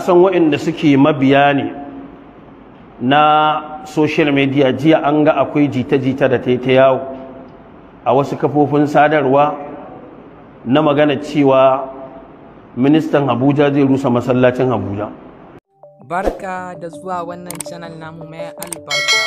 san waɗanda suke mabiya ne na social media jiya an ga akwai jita-jita da ta yawo a wasu kafofin sadarwa na magana cewa ministan Abuja zai rusa masallacin Abuja. Barka da zuwa wannan channel namu mai albarka.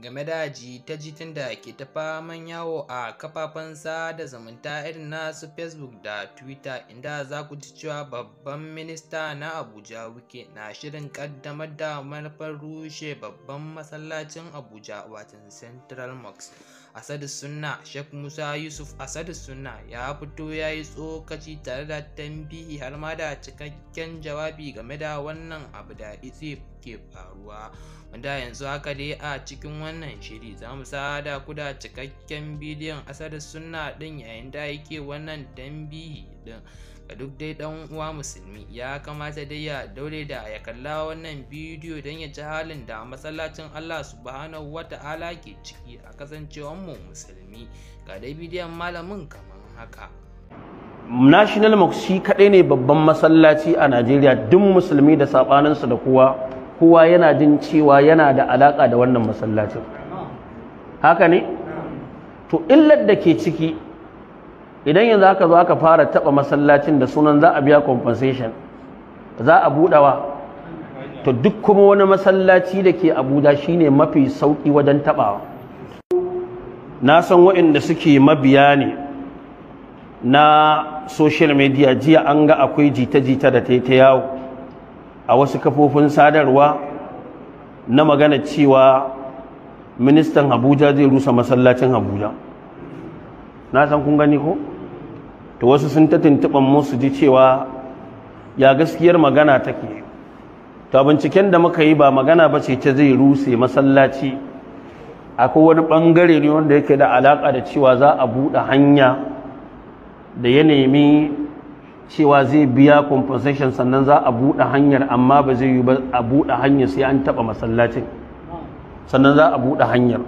game da jita-jitin da ke ta faman yawo a kafafen sada zumunta irin nasu facebook da twitter inda za ku ci cewa babban minista na abuja wike na shirin kaddamar da manufar rushe babban masallacin abuja watan central mosque asadu Sunna Sheikh Musa Yusuf asadu Sunna ya fito ya yi tsokaci tare da tambihi har ma da cikakken jawabi game da wannan abu da isi ke faruwa wanda yanzu haka dai a cikin wannan shiri za mu da ku da cikakken bidiyon asadu Sunna din yayin da yake wannan tambihi din ga duk dai dan uwa musulmi ya kamata dai ya daure da ya kalla wannan bidiyo don ya ji halin da masallacin Allah subhanahu ta'ala ke ciki a kasancewar mu musulmi ga dai bidiyon malamin kaman haka National Mosque kaɗai ne babban masallaci a Najeriya duk musulmi da sabaninsa da kowa kowa yana jin cewa yana da alaka da wannan masallacin haka ne to illar da ke ciki idan yanzu aka zo aka fara taɓa masallacin da sunan za a biya compensation za a budawa to duk kuma wani masallaci da ke shi ne mafi sauki wajen taɓawa. na san waɗanda suke mabiya ne na social media jiya an ga akwai jita-jita da ta yawo a wasu kafofin sadarwa na magana cewa ministan abuja zai rusa masallacin abuja na san kun gani ko? to wasu sun ta tuntuɓan musu ji cewa ya gaskiyar magana take ta binciken da muka yi ba magana ba ce ta zai ruse masallaci akwai wani ɓangare ne wanda yake da alaƙa da cewa za a buɗe hanya da ya nemi cewa zai biya compensation sannan za a buɗe hanyar amma ba zai yi ba a buɗe hanyar sai an taɓa masallacin sannan za a buɗe hanyar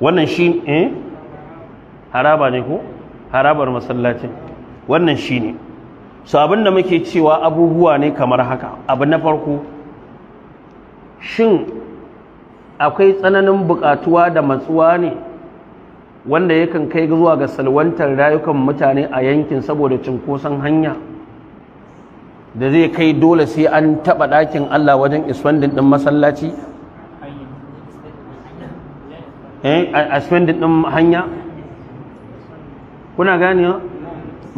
wannan shi eh haraba ne ko harabar masallacin wannan ne so abin da muke cewa abubuwa ne kamar haka abu na farko shin akwai tsananin buƙatuwa da matsuwa ne wanda yakan kai zuwa ga salwantar rayukan mutane a yankin saboda cinkoson hanya da zai kai dole sai an taɓa ɗakin Allah wajen iswandin ɗin masallaci eh, a iswandin ɗin hanya kuna ganewa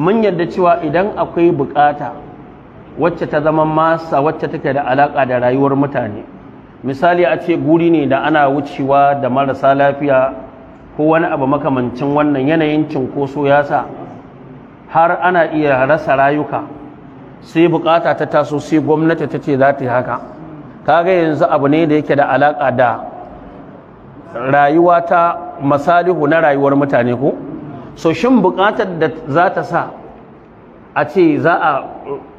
mun yarda cewa idan akwai bukata wacce ta zama masa wacce take da alaka da rayuwar mutane misali a ce guri ne da ana wucewa da marasa lafiya ko wani abu makamancin wannan yanayin cinkoso ya sa har ana iya rasa rayuka sai bukata ta taso sai gwamnati ta ce za ta yi haka kaga yanzu abu ne da yake da alaka da rayuwa ta masalihu na rayuwar mutane ko so shin buƙatar da za ta sa a ce za a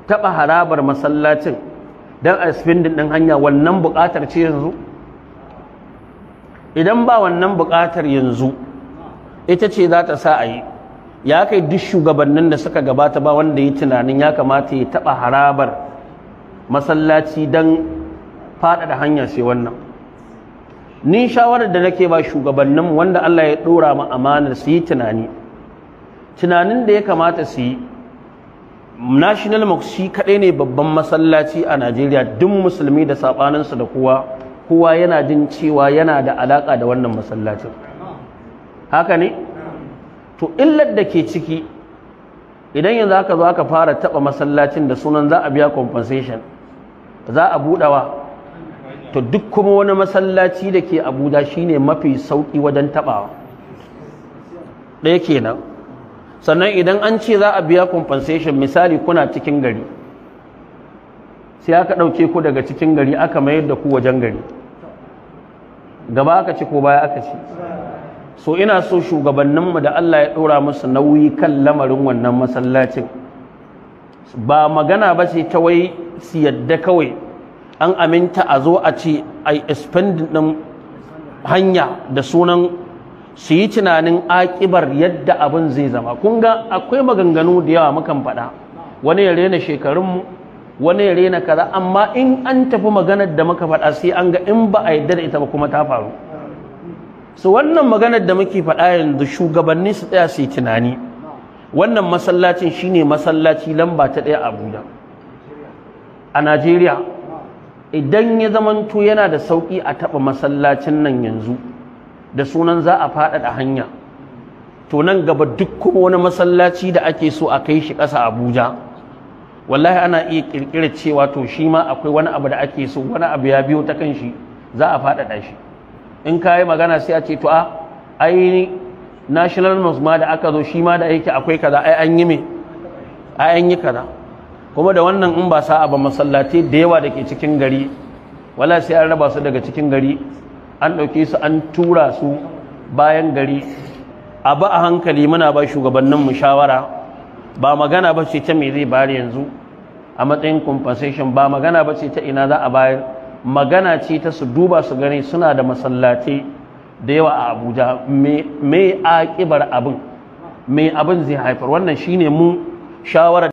taɓa harabar masallacin don a spindin ɗin hanya wannan buƙatar ce yanzu idan ba wannan buƙatar yanzu ita ce za ta sa a yi ya kai duk shugabannin da suka gabata ba wanda ya tunanin ya kamata ya taɓa harabar masallaci don faɗaɗa hanya sai wannan ni shawarar da nake ba shugabannin wanda Allah ya ɗora mu amanar su yi tunani tunanin da ya kamata su yi national mosque kaɗai ne babban masallaci a najeriya duk musulmi da saɓaninsu da kowa kowa yana jin cewa yana da alaƙa da wannan masallacin haka ne to illar da ke ciki idan yanzu aka zo aka fara taɓa masallacin da sunan za a biya compensation za a buɗawa to duk kuma wani masallaci da ke abuja shine mafi sauƙi wajen taɓawa ɗaya kenan sannan idan an ce za a biya compensation misali kuna cikin gari sai aka ɗauke ku daga cikin gari aka mayar da ku wajen gari gaba aka ci ko baya aka ci so ina so shugabanninmu da Allah ya ɗora musu nauyi kan lamarin wannan masallacin ba magana ba ce ta wai su yadda kawai an aminta a zo a ce a expanding ɗin hanya da sunan su yi tunanin akibar yadda abin zai zama kun ga akwai maganganu da yawa mukan faɗa wani ya rena shekarunmu wani ya rena kaza amma in an tafi maganar da muka faɗa sai an ga in ba a yadda da ita ba kuma ta faru su wannan maganar da muke faɗa yanzu shugabanni su tsaya su yi tunani wannan masallacin shine masallaci lamba ta ɗaya abuja a najeriya idan ya zamantu yana da sauƙi a taɓa masallacin nan yanzu da sunan za a faɗaɗa hanya to nan gaba duk kuma wani masallaci da ake so a kai shi ƙasa abuja wallahi ana iya ƙirƙirar cewa to shi ma akwai wani abu da ake so wani abu ya biyo ta kanshi za a faɗaɗa shi in ka yi magana sai a ce to a ai national mosque ma da aka zo shi ma da yake akwai kaza ai an yi me ai an yi kaza kuma da wannan in ba sa'a ba masallatai da yawa dake cikin gari wala sai an raba su daga cikin gari an ɗauke su an tura su bayan gari a ba a hankali muna ba shugabanninmu shawara ba magana ba ce ta me zai bayar yanzu a matsayin compensation ba magana ba ce ta ina za a bayar magana ce ta su duba su gani suna da masallatai da yawa a abuja me aƙibar abin me abin zai haifar wannan shine mu shawara